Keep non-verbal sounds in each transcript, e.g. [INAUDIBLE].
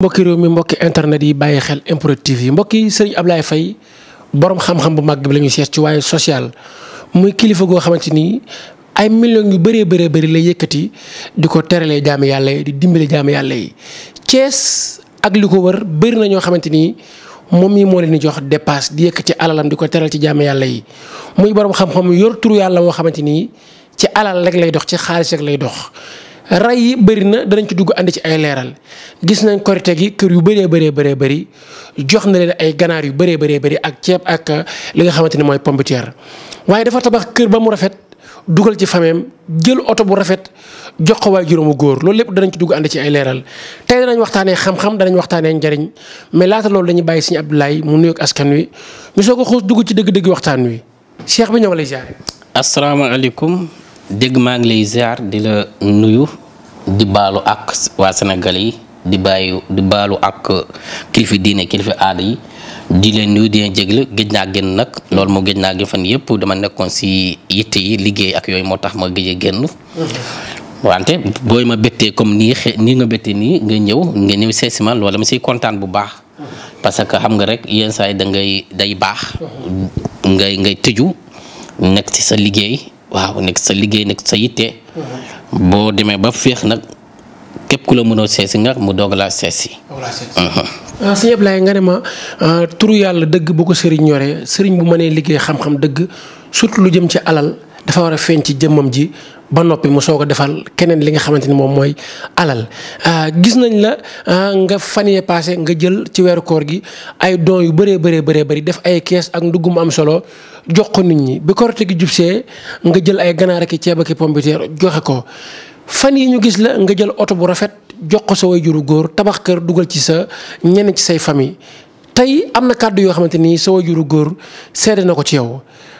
mbokki réew mi mbokki internet yi bàyyi xel MPROD TV yi mbokki sëriñ Ablaye Faye borom xam-xam bu mag bi la ci waaye sociale muy kilifa goo xamante ni ay millions yu bëree bëree bëri la yëkkati di ko teralee jaami yàlla yi di dimbali jaami yàlla yi. Cees ak li ko wër bëri na ñoo xamante ni moom mii moo leen di jox dépasse di yëkkati alalam di ko teral ci jaami yàlla yi muy borom xam-xam yor turu yàlla woo xamante ni ci alal rek lay dox ci xaalis rek lay dox. ray yi bëri na danañ ci dugg andi ci ay leeral gis nañ korite gi kër yu bëree bëree bëree bari jox na leen ay ganaar yu bëree bëree bari ak ceeb ak euh, li nga xamante ne mooy pombiteer waaye dafa tabax kër ba mu rafet dugal ci fameem jël oto bu rafet jox ko waay juróomu góor loolu lépp danañ ci dugg andi ci ay leeral tey danañ waxtaanee xam-xam danañ waxtaanee njariñ mais laata loolu dañuy bàyyi Serigne Abdoulaye mu nuyoog askan wi ñu soog ko xuus dugg ci dëgg-dëgg waxtaan wi cheikh bi ñoo lay ziare. asalaamaaleykum. dégg maa ngi lay ziar di la nuyu di baalu ak waa Sénégal yi di bàyyi di baalu ak kilifa diine kilifa aada yi di leen nuyu di leen jégalu géej naa génn nag loolu moo géej naa génn fan yëpp dama nekkoon si yitte yi liggéey ak yooyu moo tax ma géej génn. wante booy ma bettee comme nii nga bettee nii nga ñëw nga ñëw seesi ma loolu ma siy kontaan bu baax. parce que xam nga rek yenn saa yi da day baax. ngay ngay tëju nekk ci sa liggéey. waaw nekk sa liggéey nekk sa yitte. boo demee ba féex nag képp ku la mënoo seesi nga mu doog laa seesi. Mhm. Ah, sëñ Ablaye nga ne ma ah, turu yàlla dëgg bu ko sëriñ ñoree sëriñ bu mënee liggéey xam-xam dëgg surtout lu jëm ci alal. dafa war a feeñ ci jëmmam ji ba noppi mu soog a defal keneen li nga xamante ni moom mooy alal ah, gis nañ la ah, nga fan yee paase nga jël ci weeru koor gi ay dons yu bëree bëree bëree bëri def ay kees ak ndugg mu am solo jox ko nit ñi bi korite gi jubsee nga jël ay ganaar ak i ceeb ak i pombiteer joxe ko fan yi ñu gis la nga jël oto bu rafet jox ko sa juru góor tabax kër dugal ci sa ñenn ci say famille tey am na kàddu yoo xamante nii sa juru góor seede na ko ci yow.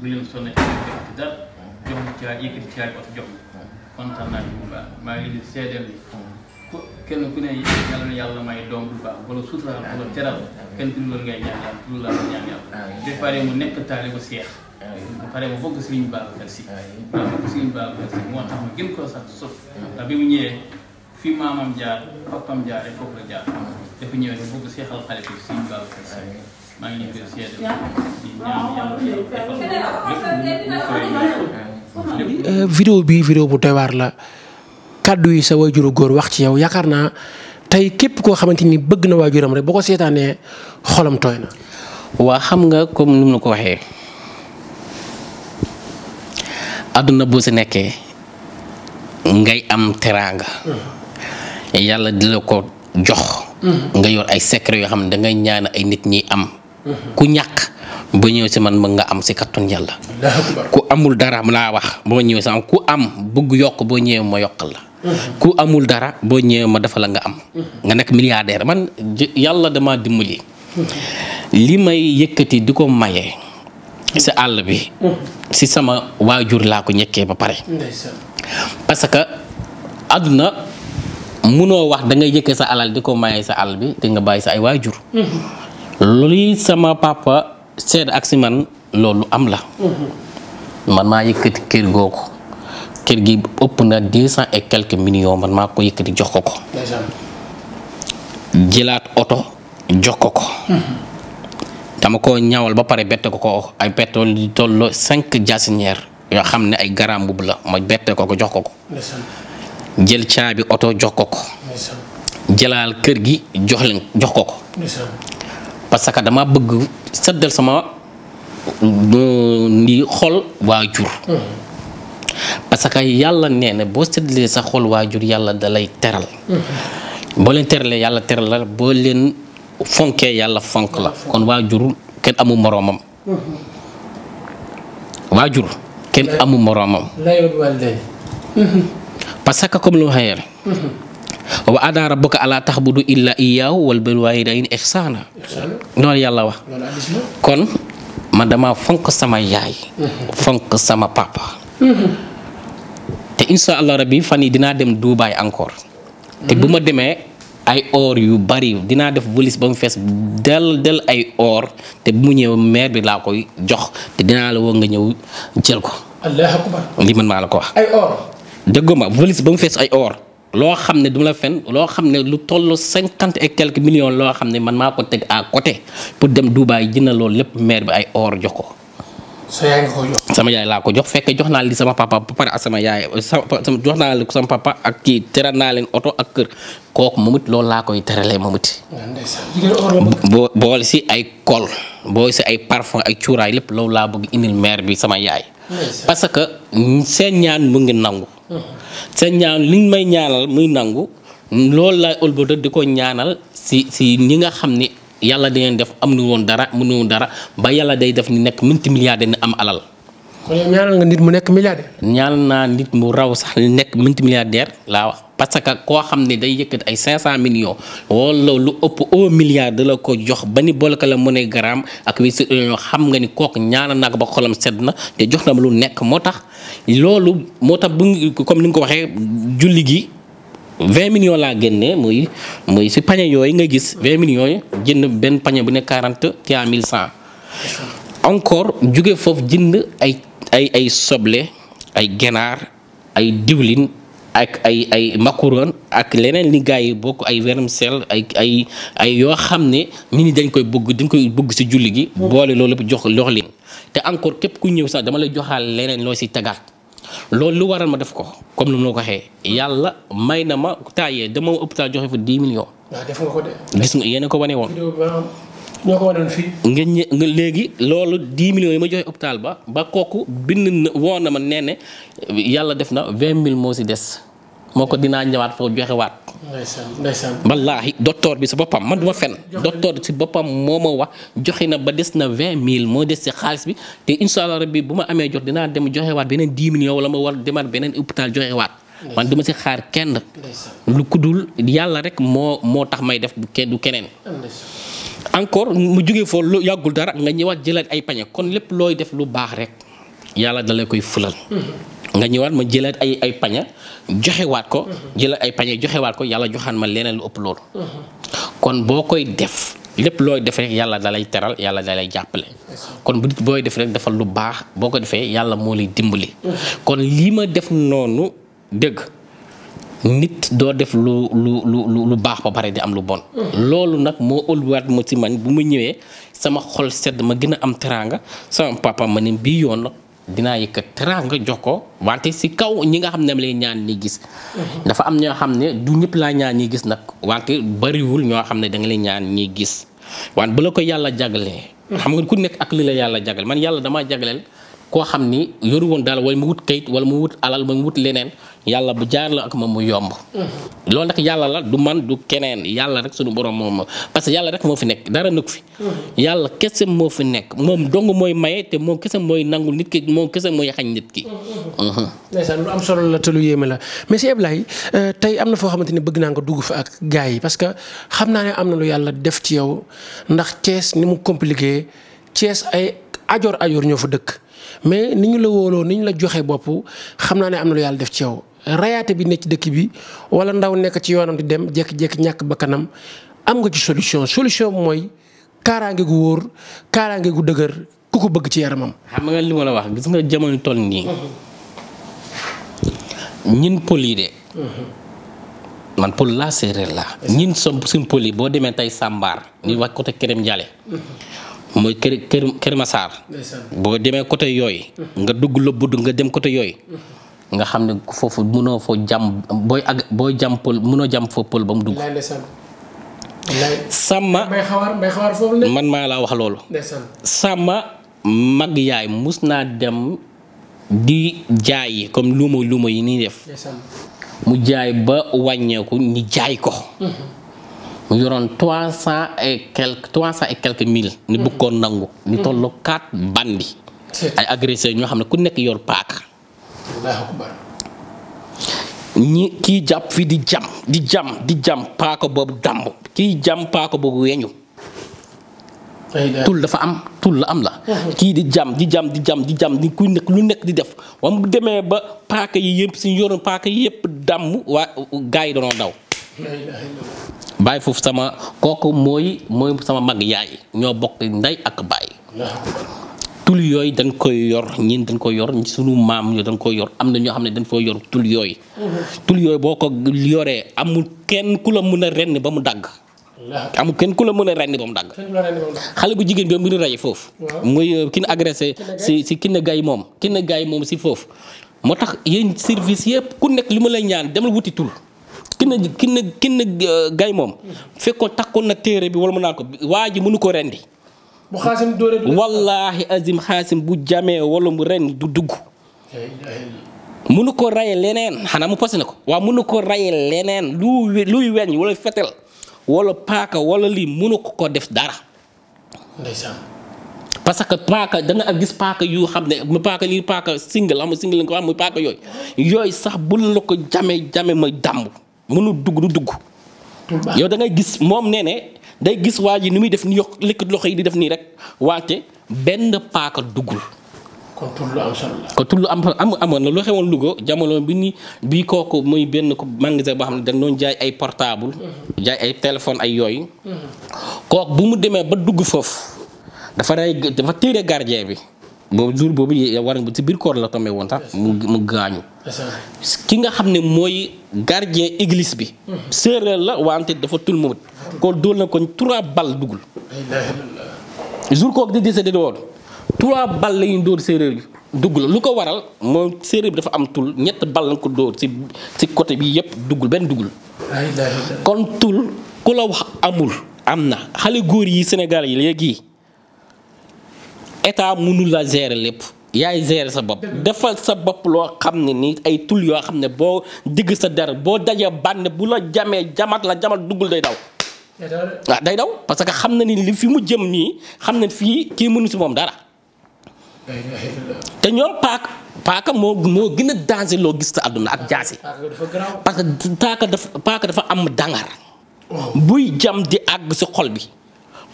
du leen sonn ci ci dara jox ma caabi yëkkati caabi oto jox ma kontaan naa ci bu baax maa ngi leen di seedeel kenn ku ne yàlla may doom bu baax wala suuturaal wala teral kenn ku ne loolu ngay ñaan yàlla loolu laa doon ñaan yàlla bu paree mu nekk taale ba seex bu paree mu bëgg Serigne Babacar Sy maa bëgg Serigne Babacar Sy moo tax ma gën koo sax sof ndax bi mu ñëwee fii maamam jaar papam jaar rek foofu la jaar dafa ñëwee mu bëgg seexal xale bi Serigne Babacar Sy maa ngi koy bi vidéo bu doy la kàddu yi sa waajuru góor wax ci yow yaakaar naa tey képp koo xamante ni bëgg na waajuram rek boo ko seetaanee xolam tooy na. waa xam nga comme ni mu ko waxee. àdduna boo si nekkee ngay am teraanga. Hmm. yàlla di la ko jox. Hmm. nga yor ay secret yoo xam ne dangay ñaan ay nit ñi am. ku ñàkk ba ñëw si man mën nga am si kattun yàlla ku amul dara laa wax boo ñëwee si am ku am bugg yokk boo ñëwee ma yokkal la mhm. ku amul dara boo ñëwee ma dafa la nga am mhm. nga nekk milliardaire man yàlla dama dimbali mhm. li may yëkkati di ko maye si àll bi si sama waajur laa ko ñekkee ba pare parce que àdduna munoo wax da ngay yëkkee sa alal di ko maye sa àll bi te nga bàyyi sa ay waajur luy sama pàppa seet ak si man loolu am la. Mm-hmm. man maa yëkkati kër googu kër gi ëpp na deux cent et quelques millions man maa ko yëkkati jox ko ko. jëlaat oto jox ko ko. Mm-hmm. dama ko ñawal ba pare bett ko ko ay pétrole di tolloo cinq jasinière yoo xam ne ay garam bu la ma bett ko ko jox ko ko. jël caabi oto jox ko ko. jëlaal kër gi jox leen jox ko ko. parce que dama bëgg sëddal sama euh, ndi xol waajur parce que yàlla nee na boo seddalee sa xol waajur yàlla dalay teral boo leen teralee yàlla teral la boo leen fonkee yàlla fonk la kon waajur kenn amu moroomam waajur kenn amu moroomam parce comme lu waxee wa ana rabbuka ala taxbudu illa iyaahu wal bil waalidayni ihsaana loolu yàlla wax kon man dama fonk sama yaay fonk sama papa te insha allah rabbi fan yi dinaa dem duubaay encore te bu ma demee ay or yu bari dinaa def valise ba mu fees del del ay or te bu mu ñëw maire bi laa koy jox te dinaa la woo nga ñëw jël ko. allahu man maa la ko wax. ay or. ba mu fees ay or. loo xam ne du la fen loo xam ne lu toll cinquante et quelques millions loo xam ne man maa ko teg à côté pour dem duubaay jina loolu lépp maire bi ay or jox ko. sama yaay laa ko jox fekk jox naa li sama papa ba pare ak sama yaay jox naa li sama papa ak kii teral naa leen oto ak kër kooku moom it loolu laa koy teralee moom it. boo boole si ay kol boole si ay parfum ay cuuraay lépp loolu laa bëgg indi maire bi sama yaay. parce que seen ñaan mu ngi nangu. Hmm. sa ñaan liñ may ñaanal muy nangu loolu laay ëlbata di ko ñaanal si si ñi nga xam ni yàlla dangeen def am nu woon dara mënu woon dara ba yàlla day def ni nekk minti milliardaire ni am alal. kon ñaanal nga nit mu nekk milliardaire. ñaanal naa nit mu raw sax nekk minti milliardaire laa wax parce que koo xam ne day yëkkati ay 500 millions wala lu ëpp au milliard da la ko jox ba ni boole ko la mënee garaam ak wii si xam nga ni kooku ñaanal naa ko ba xolam sedd na te jox na ma lu nekk moo tax. loolu moo tax bu comme ni nga ko waxee julli gi 20 millions laa génne mooy mooy si pañe yooyu nga gis 20 millions yi jënd benn pañe bu ne 40 ca 1100. encore jóge foofu jënd ay ay ay soble ay ganaar ay diwlin. ak ay ay macaron ak leneen li bokk ay vermicelle ay ay ay yoo xam ne nit ñi dañ koy bëgg dañ koy bëgg ci julli gi. boole loolu lépp jox lox leen. te encore képp ku ñëw sax dama lay joxaal leneen loo ci tagaat. loolu lu waral ma def ko comme ni ma la ko waxee yàlla may na ma taayee dama hôpital joxe fa 10 millions. waaw ah, def gis nga yéen a ko wane woon. ñoo ko waneoon fii. léegi loolu 10 millions yi ma joxe hôpital ba ba kooku bind woon na ma nee ne yàlla def na 20 000 moo si des. moo ko dinaa ñëwaat foofu joxewaat waat. wallaahi docteur bi si boppam man du ma fen docteur si boppam moo ma wax joxe na ba des na vingt mille moo des si xaalis bi te incha allah rabbi bu ma amee jot dinaa dem joxe waat beneen dix millions ma war demaat beneen hôpital joxe waat. man du si xaar kenn. lu kuddul yàlla rek moo moo tax may def du keneen. encore mu jóge foofu lu yàggul dara nga ñëwaat jëlaat ay pañe kon lépp looy def lu baax rek yàlla da lay koy fulal. Mm-hmm. nga ñëwaat ma jëlaat ay ay paña joxewaat ko. jëlaat ay paña joxewaat ko yàlla joxaan ma leneen lu ëpp loolu. kon boo koy def lépp looy def rek yàlla dalay teral yàlla da jàppale. kon bu booy def rek defal lu baax boo ko defee yàlla moo lay dimbali. kon lii ma def noonu dëgg. nit doo def lu lu lu lu baax ba pare di am lu bon. loolu nag moo ëlwaat ma ci man bu ma ñëwee sama xol sedd ma gën a am teraanga sama papa ma ne bii yoon dinaa yëkkat nga jox ko wante si kaw ñi nga xam ne lay ñaan ni gis. dafa am ñoo xam ne du ñëpp laa ñaan ñi gis nag wante bariwul ñoo xam ne danga nga ñaan ñi gis wante bu la ko yàlla jagalee. xam nga ku nekk ak li la yàlla jagal man yàlla damaa jagleel koo xam ni yoru woon daal wala mu wut kayit wala mu wut alal wala mu wut leneen yàlla bu jaar la ak moom mu yomb. Mm-hmm. loolu nag yàlla la du man du keneen yàlla rek suñu borom moom parce que yàlla rek moo fi nekk dara nekk fi. Mm-hmm. yàlla kese moo fi nekk moom dong mooy maye te moom kese mooy nangul nit ki moom kese mooy xañ nit ki. Mm-hmm. lu am solo la te lu yéeme la mais si Ablaye euh, tey am na foo xamante ni bëgg naa nga dugg fa ak gars yi parce que xam naa ne am na lu yàlla def ci yow ndax cees ni mu compliqué cees ay ajoor ajoor ñoo fa dëkk mais ni ñu la wóoloo ni ñu la joxe bopp xam naa ne am na lu yàlla def ci yow. rayaate bi nekk ci dëkk bi wala ndaw nekk ci yoonam di dem jékki-jékki ñàkk bakkanam am nga ci solution solution mooy kaaraange gu wóor kaaraange gu dëgër ku ko bëgg ci yaramam. xam nga li ma la wax gis nga jamono toll nii. ñin pël yi de. man pël laa séeréer laa. ñin som suñ yi boo demee tey Sambar. ñu wax côté Kërëm Jale. mooy kër kër Kër boo demee côté yooyu. nga dugg la budd nga dem côté yooyu. nga xam ne foofu mënoo foo jàmm booy ak booy jàmm pël mënoo jàmm fa pël ba mu dugg. sàmma man maa laa wax loolu. sàmma mag yaay mus naa dem di jaay comme luuma luuma yi nii def. mu jaay ba wàññeeku ñu jaay ko. mu yoroon trois cent et quelque trois cent et quelque mille. ni bëggoon nangu. ni tollu quatre bandi ay agresseurs ñoo xam ne ku nekk yor paaka. allahu akbar ñi kii jàpp fi di jam di jam di jam paaka boobu dàmb kii jam boobu weñu tul dafa am tul am la kii di jam di jam di jam di jam di ku nekk lu nekk di def wam bu demee ba paaka yi yëpp suñu yoroon paaka yi yëpp dàmb waa gars yi danoo daw bàyyi foofu sama kooku mooy mooy sama mag yaay ñoo bokk ndey ak bàyyi tul yooyu dañ koy yor ñin dañ koy yor suñu maam ñoo dañ koy yor am na ñoo xam ne dañ koy yor tul yooyu. Mm-hmm. tul yooyu boo ko yoree amul kenn ku la mën a renn ba mu dagg. amul kenn ku la mën a renn ba mu dagg. xale bu jigéen bi mu ngi rey foofu. muy euh, ki ñu agressé si si ki ne gay moom ki ne gay moom si foofu. moo tax yéen service yëpp ku nekk li ma lay ñaan demal wuti tul. kin na kin na kin na euh, gay moom. Mm-hmm. fekkoon takkoon na téere bi wala mu naan ko waa ji mënu ko rendi bu xaasim dóoree du wallaahi azim xaasim bu jamee wala mu ren du dugg. mënu ko raye leneen xanaa mu posé na ko waaw mënu ko raye leneen lu luy weñ wala fetel wala paaka wala lii mënu ko ko def dara. ndeysaan. parce que paaka da ak gis paaka yu xam ne mu paaka lii paaka single am single nga ko am paaka yooyu yooyu sax bu la ko jame jame ma dàmb mënu dugg du dugg. yow da gis moom nee day gis waa ji ni muy def ni yokk lëkkat loxo yi di def nii rek wante benn paaka duggul. ko tullu am am am amoon na lu xewoon Louga jamono bi ni bii kook muy benn ko magasin boo xam ne dañ doon jaay ay portable. jaay ay téléphone ay yooyu. kooku bu mu demee ba dugg foofu dafa rey dafa téere gardien bi. boobu jour boobu war na ci biir koor la tome woon sax mu mu gaañu. ki nga xam ne mooy gardien église bi. Mhm. séeréer la wante dafa tul moom ko dóol na ko trois balles duggul. jour kooku di décédé woon trois balles la dóor séeréer bi duggul lu ko waral moom séeréer bi dafa am tul ñett ball lañ ko dóor ci ci côté bi yëpp duggul benn duggul. kon tul ku la wax amul am na xale góor yi Sénégal yi léegi état mënul la gérer lépp. yaay gérer sa bopp defal sa bopp loo xam ne ni ay tul yoo xam ne boo digg sa der boo dajee bann bu la jamee jamat la jamat duggul day daw. waaw ah, day daw parce que xam na ni li fi mu jëm nii xam na fii kii mënu si moom dara. te ñoom paaka paaka moo moo gën a danger loo gis sa àdduna ak jaasi. parce que paaka daf paaka dafa am dangar. Oh. buy jam di àgg si xol bi.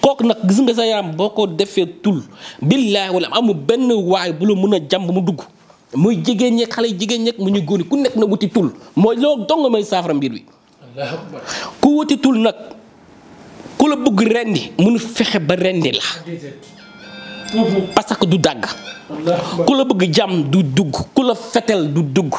kooku nag gis nga sa yaram boo ko defee tul billaahi wala amu benn waay bu la mën a jàmb mu dugg. muy jigéen ñeeg xale jigéen ñeeg mu ñu góor ku nekk na wuti tul mooy loolu dong may saafara mbir bi. ku wuti tul nag. ku la bëgg rendi mënu fexe ba rendi la parce que du dàgg ku la bëgg jàmm du dugg ku la fetel du dugg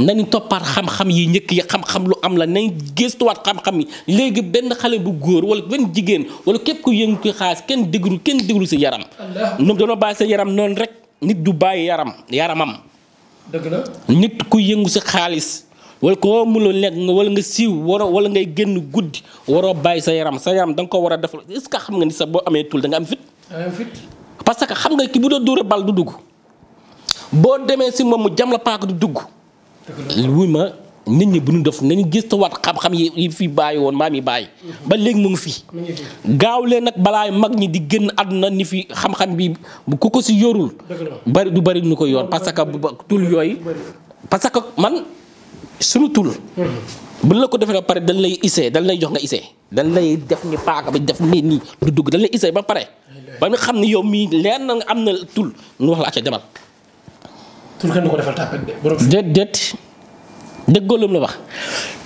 nañu toppaat xam-xam yi njëkk yi xam-xam lu am la nañ gëstuwaat xam-xam yi léegi benn xale bu góor wala benn jigéen wala képp ku yëngu ko xaalis kenn déglu kenn déglu sa yaram ñoom dañoo yaram noonu rek nit du bàyyi yaram yaramam dëgg ku yëngu si xaalis wala koo mënul nekk wala nga siiw waroo wala ngay génn guddi waroo bàyyi sa yaram sa yaram da nga ko war a def est-ce que xam nga ni sax boo amee tul da nga am fit. parce que xam nga ki bu doon dóore bal du dugg boo demee si moom mu jam la paak du dugg. wuy ma nit ñi bu nu def nañu gëstuwaat xam-xam yi fi bàyyi woon maam yi bàyyi. ba léegi mu ngi fi. gaaw leen nag balaa mag ñi di gënn àdduna ni fi xam-xam bi ku ko si yorul. bari du bari ñu ko yor parce que tul yooyu. parce man. suñu tul hmm. bu la ko defee ba pare dañ lay isee dañ lay jox nga isee dañ lay def ni paaka bi def nii nii du dugg dañ lay isee ba pare ba nga xam ne yow mii leer na am na tul nu wax la acca demal tul kenn du de déet la wax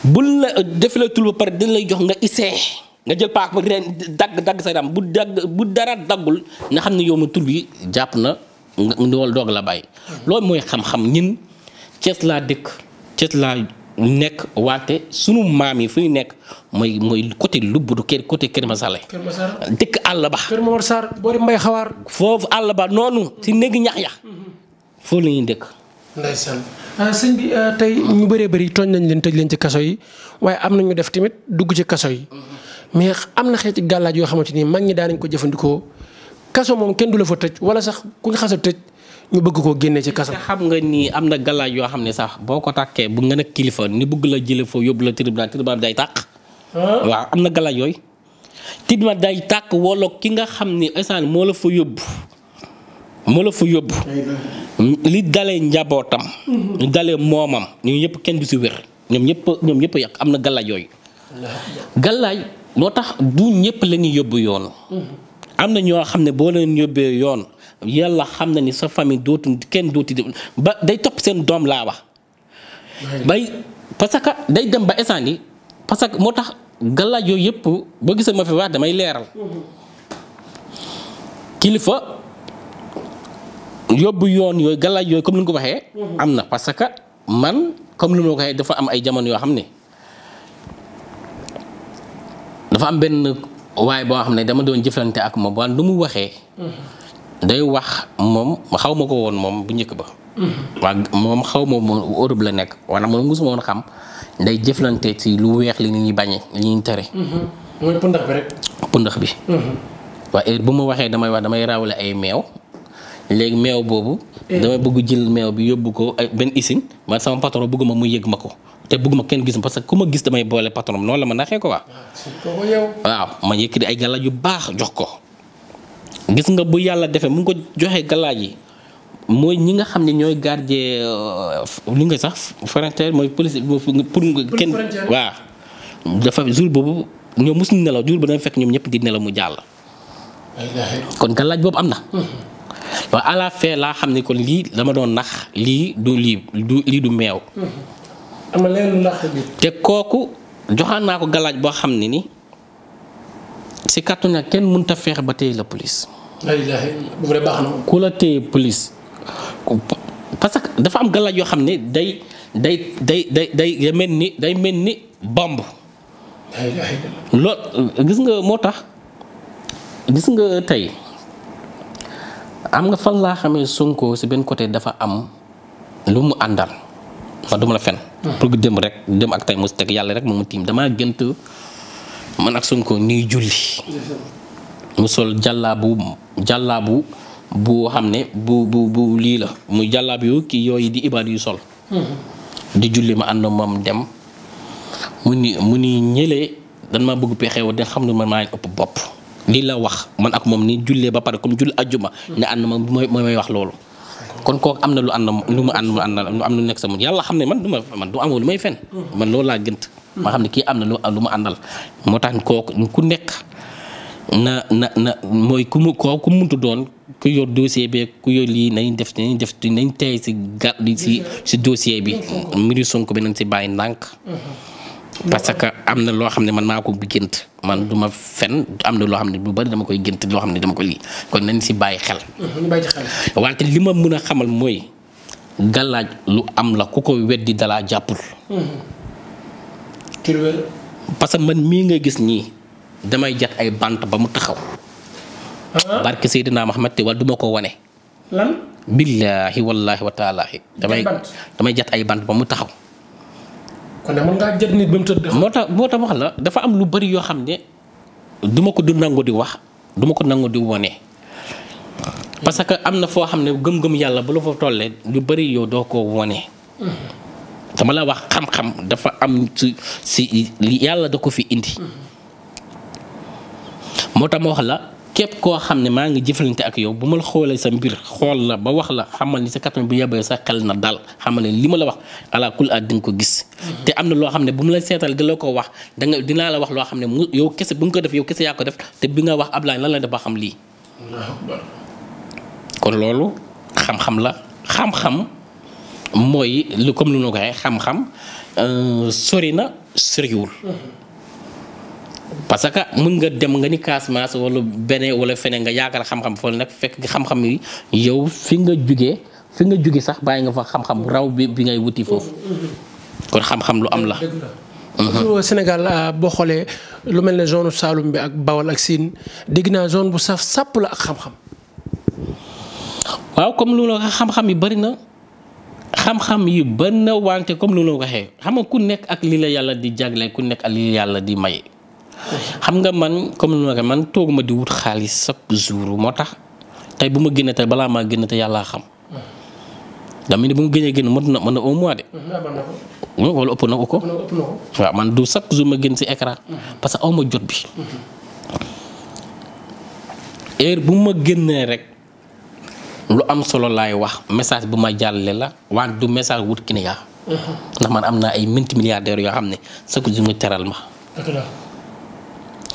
bul la defee la tul ba pare dañ lay jox nga isee nga jël paak ba ren dagg dagg sa yaram bu dagg bu dara daggul nga xam ne yow ma tur yi jàpp na nga doog la bàyyi. Hmm. loolu mooy xam-xam ñin Cees laa dëkk cët laa nekk wante sunu maam yi fu ñu nekk mooy mooy côté Lubbudu kër côté Kër Masar la. Kër dëkk àll ba. Kër Mor Sarr boori Mbay Xawaar. foofu àll ba noonu. ci néegi ñax ya foofu la ñuy dëkk. ndeysaan ah, ah, tey ñu bëree bëri tooñ nañ leen tëj leen ci kaso yi waaye am na ñu def tamit dugg ci kaso yi. Mhm. mais am na xeeti gàllaaj yoo xamante ni mag ñi daan nañ ko jëfandikoo. kaso moom kenn du la fa tëj wala sax ku ñu xasa tëj ñu bëgg koo génne si kaso. xam nga nii am na galaaj yoo xam ne sax boo ko tàkkee bu nga nekk kilifa ni bëgg la jëlee foofu yóbbu la tribunal tribunal day tàq. Ah. waaw am na galaaj yooyu. day tàq wala ki nga xam ni instant moo la fa yóbbu. moo la fa yóbbu. li dalee njabootam. Mhm. li dalee moomam ñun ñëpp kenn du si wér ñoom ñëpp ñoom ñëpp yàq am na galaaj yooyu. galaaj moo tax du ñëpp la ñuy yóbbu yoon. Mhm. am na ñoo xam ne boo leen yóbbee yoon yàlla xam na ni sa famille dootu kenn dooti ba day topp seen doom laa wax. bay parce que day dem ba essandi yi parce que moo tax galaaj yooyu yëpp boo gisee ma fi wax damay leeral. kilifa yóbbu yoon yooyu galaaj yooyu comme ni nga ko waxee. am na parce que man comme lu ma ko waxee dafa am ay jamono yoo xam ne dafa am benn. waaye boo xam ne dama doon jëflante ak moom waan lu mu waxee. day wax moom xaw ma ko woon moom bu njëkk ba. waa moom xaw ma moom Europe la nekk wala moom mosuma xam day jëflante ci lu weex li ñuy ñuy tere. mooy pundax bi bu ma waxee damay wax damay rawale ay meew. léegi meew boobu. Eh. dama bëgg jël meew bi yóbbu ko ay benn usine man sama patron bëgguma mu yëg ma ko. te bëgguma kenn gis parce que ku ma gis damay boole patron noonu la ma naxee ko waaw. waaw ma yëkk di ay galaaj yu baax jox ko. gis nga bu yàlla defee mu ngi ko joxee galaaj yi mooy ñi nga xam ne ñooy gardien euh, li nga sax frontière mooy police pour kenn. waa dafa jour boobu ñoom mosuñu nelaw jour ba dama fekk ñoom ñëpp di nelaw mu jàll. kon galaaj boobu am na. Mm-hmm. waaw à laa xam ne kon lii dama doon nax lii du lii du lii du meew. Mm-hmm. ama leen te kooku joxaan naa ko galaaj boo xam ne ni si kàttu nag kenn mënut a feex ba téye la police. alhamdulilah baax na. ku la téye police. parce que dafa am galaaj yoo xam ne day day day day mel ni day mel ni bomb. lool gis nga moo tax gis nga tey am nga fan laa xamee Sonko si benn côté dafa am lu mu àndal ma duma la fen pour que dem rek dem ak tay mos teg yàlla rek moom mu tiim damaa gënt man ak Sonko ñuy julli. mu sol jàllaabu jàllaabu bu xam ne bu bu bu lii la mu jàllaab yu kii yooyu di ibaad yu sol. di julli ma ànd moom dem mu ni mu ni ñëlee dan maa bëgg pexewu de xam ne man maa ëpp bopp. lii la wax man ak moom ni jullee ba pare comme julli ajjuma. ne ànd moom mooy mooy wax loolu. kon kooku am na lu na lu mu ànd mu ànd lu am lu nekk sa mun yàlla xam ne man du ma man du amoo lu may fen man loolu laa gënt ma xam ne kii am na lu lu mu àndal moo tax kooku ku nekk na na na mooy ku mu koo ku muntu doon ku yor dossier bi ku yor lii nañ def nañ def nañ tey si gar si si dossier bi mbiru Sonko bi nañ si bàyyi ndànk parce que am na loo xam ne man naa ko gént man du ma fen am na loo xam ne bu bari dama koy gént loo xam ne dama ko lii kon nañ si bàyyi xel. Mhm, wante li ma mën a xamal mooy gàllaaj lu am la ku ko weddi dalaa jàppul. parce que man mii nga gis nii damay jat ay bant ba mu taxaw. Ah. barke Seydina Muhammad te wala du ko wane. lan. billaahi wallaahi wa taalaahi damay damay jat ay bant ba mu taxaw. kon nag mën ngaa jël nit ba mu moo tax moo tax wax la dafa am lu bëri yoo xam ne duma ko du nangu di wax duma ko nangu di wone parce que am na foo xam ne gëm-gëm yàlla bu la fa tollee lu bëri yow doo ko wone dama la wax xam-xam dafa am si si yàlla da ko fi indi moo tax ma wax la. képp koo xam ne maa ngi jëflante ak yow bu ma la xoolee sa mbir xool la ba wax la xamal ni sa kattan bu yebee sa xel na daal xamal ne li ma la wax ala kul at di nga ko gis. Mm-hmm. te am na loo xam ne bu mu la seetal di la ko wax danga dinaa la wax loo xam ne mu yow kese bu nga ko def yow kese yaa ko def te bi nga wax Ablaye lan la def ba xam lii. kon loolu xam-xam la xam-xam mooy lu comme lu ñu ko waxee xam-xam euh, sori na soriwul. Mm-hmm. parce que mën nga dem nga ni Casamance wala beneen wala feneen nga yaakaar xam-xam foofu nag fekk xam-xam yi yow fi nga jugee fi nga jóge sax bàyyi nga fa xam-xam raw bi bi ngay wuti foofu kon xam-xam lu am la. Mhm. Sénégal euh, boo xoolee lu mel ne zone Saloum bi ak Bawol ak dégg naa zone bu saf sàpp la ak xam-xam. waaw comme lu la xam-xam yi bari na xam-xam yi bari na wante comme lu la waxee xam nga ku nekk ak lii la yàlla di jagle ku nekk ak li la yàlla di may. xam nga man comme ni ma man toog di wut xaalis chaque jour moo tax tey bu ma génne tey balaa maa génne te yàllaa xam. dama ne bu ma génnee génn mën na mois de. wala na ko ko. du chaque jour ma génn si écran. parce que aw ma jot bi. heure bu ma génnee rek lu am solo laay wax message bu ma jàllale la wante du message wut ki ne yaa ndax man am naa ay minti milliardaires yoo xam ne chaque jour mu teral ma.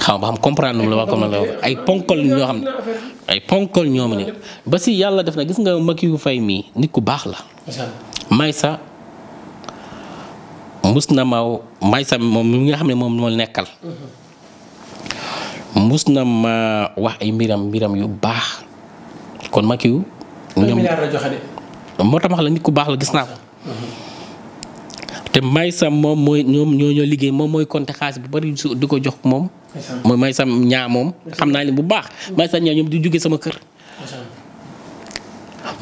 xam ba comprendre la waa comme la ay ponkol ñoo xam ne ay ponkol ñoom ne ba yàlla def na gis nga Makiyu Fay mii nit ku baax la. Maysa na ma Maysa moom mi nga xam ne moom moo nekkal. mus na ma wax ay mbiram yu baax kon Makiyu. ñoom moo wax la nit ku baax la gis naa ko. te Maysa moom mooy ñoom ñoo ñoo liggéey moom mooy compter xaalis bu bari di ko jox moom. mooy may sa ñaa xam naa leen bu baax may sa ñaa ñoom di jóge sama kër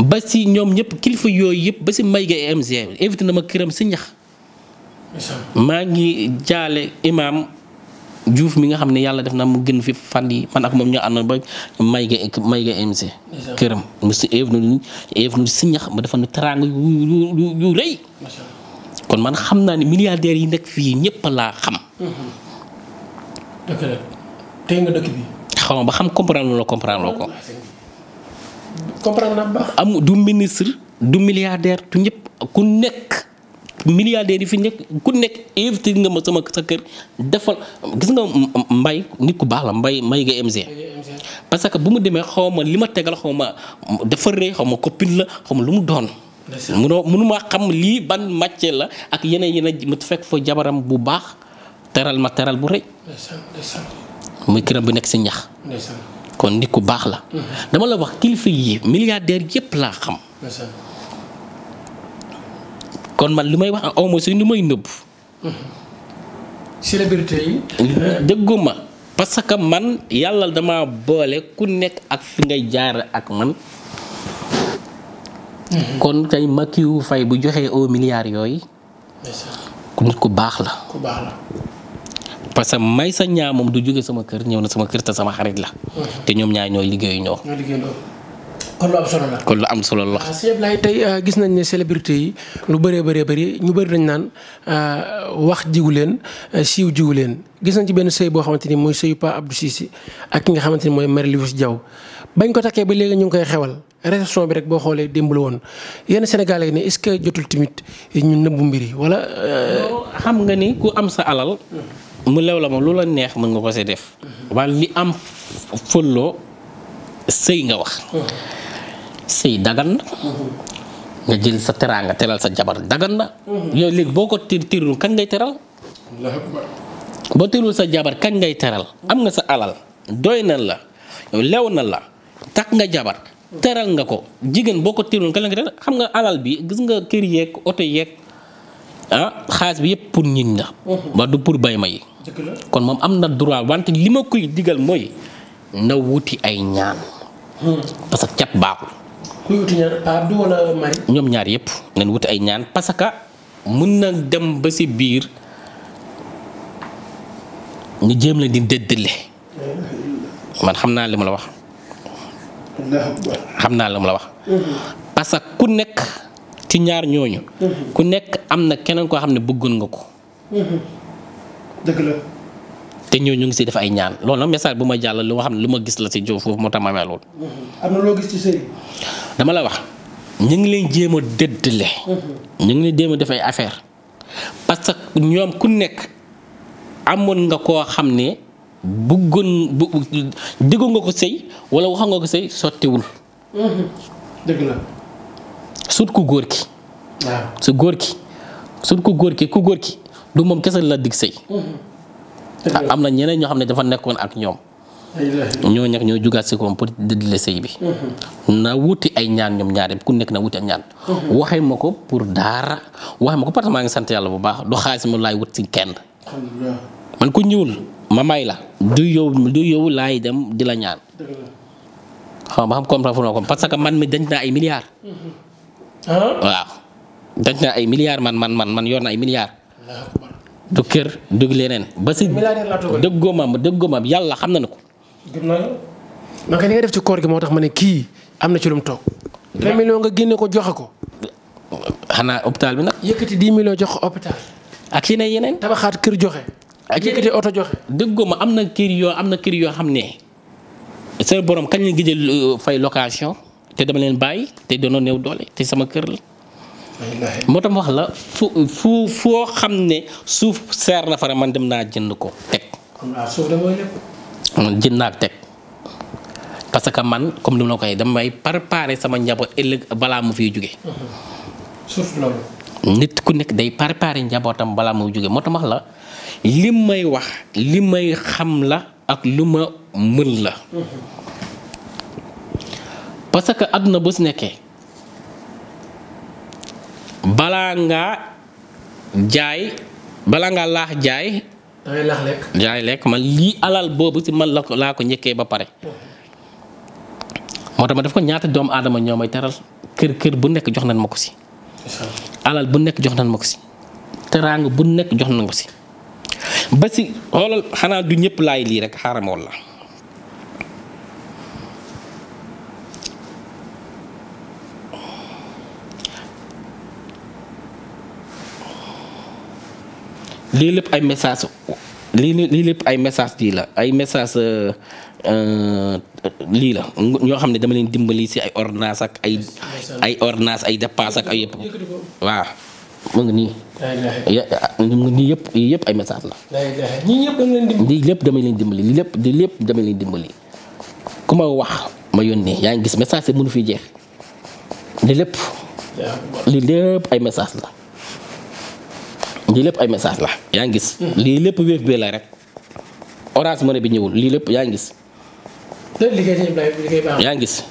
ba si ñoom ñëpp kilifa yooyu yëpp ba si may ga MG invité na ma këram si ñax maa ngi jaale imaam juuf mi nga xam ne yàlla def na mu gën fi fan yi man ak moom ñoo àndoon ba may ga may ga MC këram mu si évnu évnu si ñax ma defal nu teraanga yu rëy kon man xam naa ni milliardaires yi nekk fii ñëpp laa xam dëkk xaw ma ba xam comprendre loo comprendre loo ko. comprendre naa bu baax. am du ministre du milliardaire du ñëpp ku nekk milliardaire yi fi nekk ku nekk invité nga ma sama sa kër defal gis nga mbay nit ku baax la mbay mbay nga MG. parce que bu mu demee xaw ma li ma tegal xaw ma dafa rëy xaw ma copine la xaw ma lu mu doon. mënoo mënuma xam lii ban màcce la ak yeneen yeneen mu fekk fa jabaram bu baax. teral ma teral bu rëy. muy këram bu nekk si ñax. kon nit ku baax la. dama la wax kilifa yi milliardaire yëpp laa xam. kon man li may wax aw ma si nu may nëbb. Euh, dëgguma parce que man yàlla dama boole ku nekk ak fi ngay jaar ak man. Mhm. kon tey Makiyu Faye bu joxee au milliard yooyu. nit ku baax la. parce que may sa ñaa moom du jóge sama kër ñëw na sama kër sama xarit la. te ñoom ñaa ñooy liggéeyu ñoo. kon lu am solo la am solo la. Ah, sëñ Ablaye tey ah, gis nañ ne célébrité yi lu bëree bëree bëri ñu bëri dañ naan ah, wax jiwu leen siiw jiwu leen gis nañ ci benn sëy boo xamante ni mooy sëyu Pa Abdou Cissé ak ki nga xamante ni mooy Marie Louise Diaw bañ ko takkee ba léegi ñu ngi koy xewal réception bi rek boo xoolee démb la woon yenn Sénégalais yi ne est-ce que jotul tamit ñu nëbbu mbir yi wala. Euh, xam nga ni ku am sa alal. Hmm. mu lew la ma lu la neex mën nga ko see def. wala li am fëlloo sëy nga wax. sëy dagan na. nga jël sa teraanga teral sa jabar dagan na. yow léegi boo ko tir tirul kañ ngay teral. boo sa jabar kañ ngay teral am nga sa alal doy na la lew na la takk nga jabar. teral nga ko jigéen boo ko tirul kañ la nga teral xam nga alal bi gis nga kër yeeg oto yeeg. ah xaalis bi yëpp pour nit ñi la. Mhm. du pour bay ma yi. kon moom am na droit wante li ma koy digal mooy na wuti ay ñaan. Hmm. parce que cat baaxul. kuy wuti ah, ñoom ñaar yëpp nañ wuti ay ñaan parce que mën na dem ba si biir ñu jéem leen di dëddale. man xam naa li ma la wax. xam naa li ma la wax. Hmm. parce ku nekk. ci ñaar ñooñu. Mhm. ku nekk am na keneen koo xam ne bëggoon nga ko. Mhm. dëgg la. te ñooñu ñu ngi si def ay ñaan loolu nag message bu ma jàll lu ma xam ne lu ma gis la si Diop foofu moo tax ma amee mhm. dama la wax ñu ngi leen jéem a dëddale. ñu ngi leen def ay affaire parce que ñoom ku nekk amoon nga koo xam ne bëggoon diggu nga ko sëy wala waxoon nga ko sëy sottiwul. sut ku góor ki. su góor ki sut ku góor ki ku góor ki du moom kese la dig sëy. Ah, am na ñeneen ñoo xam ne dafa nekkoon ak ñoom. ñoo ñak ñoo jugaat si koom pour dëddale sëy bi. Mm-hmm. na wuti ay ñaan ñoom ku nekk na wuti ay mm-hmm. ma ko pour daara waxee ma ko parce que maa ngi sant yàlla bu baax du xaalis mu laay wut si kenn. man ku ñëwul ma may la. du yow du yow laay dem di la ñaan. xam ba xam comprendre fu ma ko parce man mi denc naa ay milliards. Mm-hmm. waaw daj naa ay milliards man man man man yor na ay milliards. du kër du leneen. ba si dëggoo ma dëggoo ma yàlla xam na ne ko. gëm naa la. man kay li nga def ci koor gi moo tax ma ne kii am na ci lu mu toog. 20 millions nga génne ko joxe ko. xanaa hôpital bi nag. yëkkati 10 millions jox ko hôpital. ak yeneen yeneen. tabaxaat kër joxe. ak yëkkati oto joxe. dëggoo ma am na kër yoo am na kër yoo xam ne. seen borom kañ la gëj euh, fay location. te dama te doona sama kër la. la fu foo xam ne suuf seer na fara man dem naa jënd ko teg. Ah, man naa teg parce que man comme li ma la ko damay préparer sama njaboot ëllëg balaa mu fiy jóge mm-hmm. nit ku nekk day préparer njabootam balaa mu jóge moo tax wax la li may wax li may xam la ak lu ma mën la. Mm-hmm. parce que àdduna si nekkee balaa ngaa jaay balaa ngaa laax jaay. jaay lekk ma lii alal boobu ci man la ko laa ko njëkkee ba pare. moo tax ma def ko ñaata doomu aadama ñoo may teral kër kër bu nekk jox nañ ma ko si. alal bu nekk jox nañ ma ko si. teraanga bu nekk jox nañ ma ba si xoolal xanaa du ñëpp laay lii rek xaaral ma walla lii lépp ay message lii lii lépp ay message lii la ay message euh, euh, lii la ñoo xam ne dama leen dimbali si ay ordonnance ak ay ay ordonnance ay dépense ak ay yëpp waaw mu ngi nii ah, mu ngi yëpp yii ay message la lii lépp damay leen dimbali lii lépp lii damay leen dimbali ku ma wax ma yónnee yaa ngi gis message yi mënu fi jeex lii lépp lii lépp ay message la lii lépp ay message la yaa ngi gis. Mm-hmm. lii lépp Wave bii la rek Orange Money bi ñëwul lii lépp yaa ngi gis. yaa ngi gis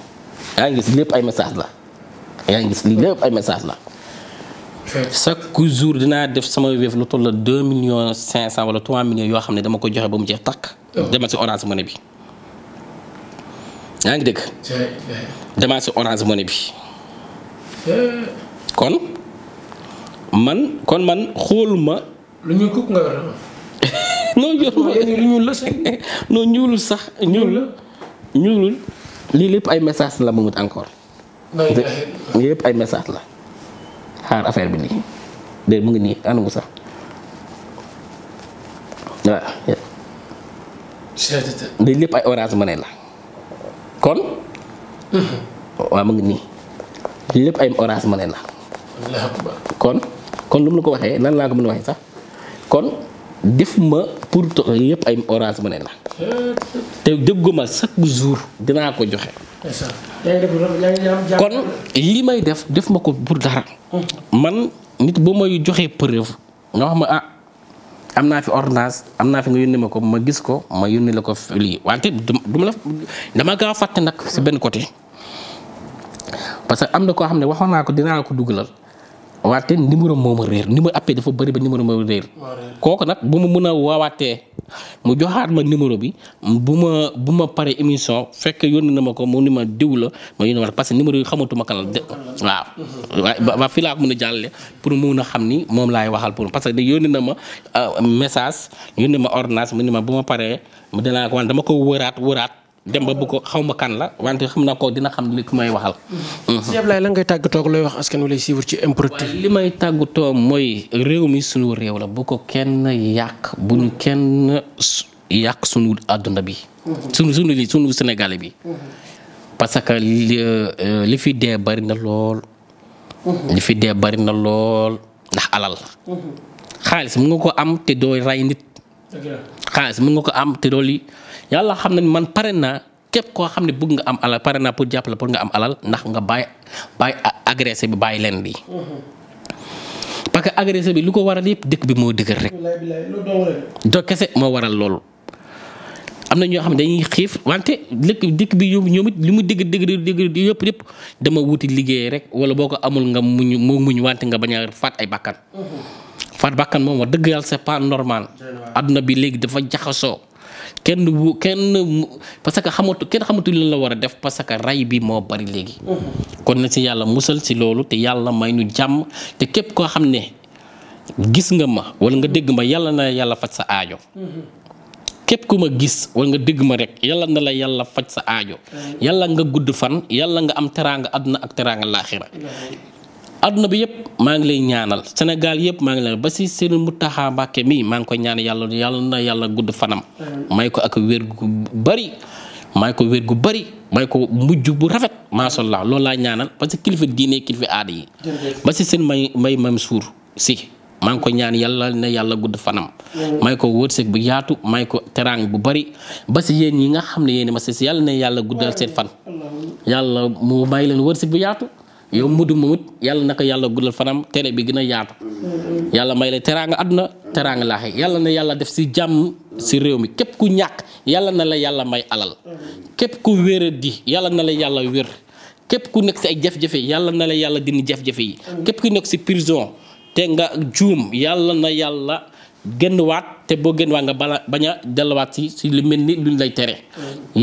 yaa lépp ay message la yaa ngi gis lii lépp ay message la. chaque jour dinaa def sama Wave lu toll la million cinq 500 wala 3 millions yoo xam ne dama ko joxe ba mu jeex takk. Oh. demal si Orange Money bi. yaa ngi dégg. demal si Orange Money bi. kon. man kon man xooluma. lu ñuul [LAUGHS] lu ñuul la sax [LAUGHS] non sax ñuul la ñuulul lii lépp ay message la Mamadou encore. lii lépp ay message la xaar affaire bi nii de mu ngi nii anamu sax waaw. lii lépp ay orange money la kon. Mm-hmm. waaw mu ngi nii lii la. kon. kon lu mu la ko waxee nan laa ko mën a waxee sax kon def ma pour yëpp ay orange mu ne la. te dégguma chaque jour dinaa ko joxe. kon li may def def ma ko pour dara. man nit boo may joxee preuve nga wax ma ah am naa fi ordonnance am naa fi nga yónnee ma ko ma gis ko ma yónnee la ko lii wante duma la dama gaaw fàtte nag si benn côté parce que am na koo xam ne waxoon naa ko dinaa ko duggalal wante numéro moom réer numéro appel dafa bëri ba numéro moom réer. kooku nag bu ma mën a waawaatee mu joxaat ma numéro bi bu ma bu ma paree émission fekk yónni na ma ko mu ni ma diw la ma yónni ma parce que numéro yi xamatuma kan la de waaw. waaw mhm. waaw fii laa a jàllale pour mu mun a xam ni moom laay waxal pour parce que yónni na ma euh, message yónni ma ordonnance mu ni ma bu ma paree mu dinaa ko wan dama ko wëraat wëraat. dem ba bu ko xaw kan la wante xam naa ko dina xam li ku may waxal. Mm-hmm. sëñ Ablaye lan ngay tàggatoo looy wax askan wi lay siiwul ci improté. li may tàggatoo mooy réew mi sunu réew la bu ko kenn yàq bu ñu kenn yàq sunu àdduna bi. Mm-hmm. sunu sunu li sunu Sénégal bi. Mm-hmm. parce que euh, euh, li fi dee bari na lool. li fi dee bari na lool ndax alal. xaalis mu nga ko am te doo rey nit. xaalis mu nga ko am te doo li yàlla xam na ni man pare naa képp koo xam ne bëgg nga am alal pare naa pour jàppale pour nga am alal ndax nga bàyyi bàyyi agressé bi bàyyi leen bi parce que agressé bi lu ko waral yëpp dëkk bi moo dëgër rek. do kese moo waral loolu. am na ñoo xam ne dañuy xiif wante dëkk dëkk bi yow ñoom it mu dégg dégg dégg yëpp yëpp dama wuti liggéey rek wala boo ko amul nga mu moo muñ wante nga bañ a faat ay bàkkan mhm. faat bakkan moom wax dëgg yàlla c'est pas normal. adduna bi léegi dafa jaxasoo. kenn bu kenn parce que xamatu kenn xamatu lan la war a def parce que ray bi moo bari léegi. kon na si yàlla musal si loolu te yàlla may nu jàmm te képp koo xam ne gis nga ma wala nga dégg ma yàlla na yàlla faj sa aajo. képp ku ma gis wala nga dégg ma rek yàlla na la yàlla faj sa aajo. yàlla nga gudd fan yàlla nga am teraanga àdduna ak teraanga laaxira adduna bi yëpp maa ngi lay ñaanal Sénégal yëpp maa ngi lay ba si seen Mountakha Mbacké mii maa ngi koy ñaan yàlla yàlla na yàlla gudd fanam. may ko ak wér gu bari may ko wér gu bari may ko mujj bu rafet macha allah loolu laa ñaanal parce que kilifa diine kilifa aada yi. ba si seen may may Mansour si. maa ngi ko ñaan yàlla na yàlla gudd fanam. may ko wërsëg bu yaatu may ko teraang bu bari ba si yéen yi nga xam ne yéen ma si yàlla na yàlla guddal seen fan. yàlla may leen wërsëg bu yaatu. yow mudu mumut yàlla ko yàlla guddal fanam tere bi gën a yaatu yàlla may la teraanga àdduna teraanga laaxe yàlla na yàlla def si jàmm si réew mi képp ku ñàkk yàlla na la yàlla may alal képp ku wéera di yàlla na la yàlla wér képp ku nekk si ay jafe-jafe yàlla na la yàlla dindi jafe-jafe yi képp ku nekk si prison te nga juum yàlla na yàlla génn waat te boo génn waat nga bala bañ a delluwaat si si lu mel ni luñ lay tere. Mm.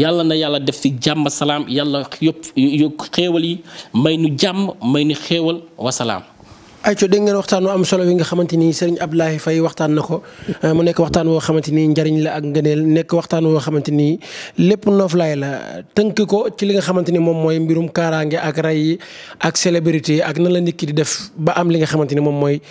yàlla na yàlla def si jàmm salaam yàlla yëpp yokk xéewal yi may nu jàmm may nu xewal wa salaam. ayco dégg ngeen waxtaan wu am solo wi nga xamante ni sëriñ Abdoulaye Faye waxtaan na ko euh, mu nekk waxtaan woo xamante ni njariñ la ak ngëneel nekk waxtaan woo xamante ni lépp nooflaay la tënk ko ci li nga xamante ni moom mooy mbirum kaaraange ak rey yi ak célébrité ak na la nit ki di def ba am li nga xamante ni moom mooy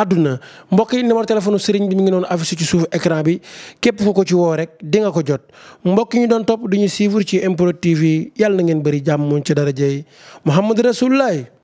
àdduna mbokk yi numéro téléphone sëriñ bi mi ngi noonu affiché ci suufu écran bi képp ku ko ci woow rek di nga ko jot mbokk yi ñu doon topp duñu suivre ci MPROD TV yàlla na ngeen bëri jàmm ci darajey Muhammad Rasulullah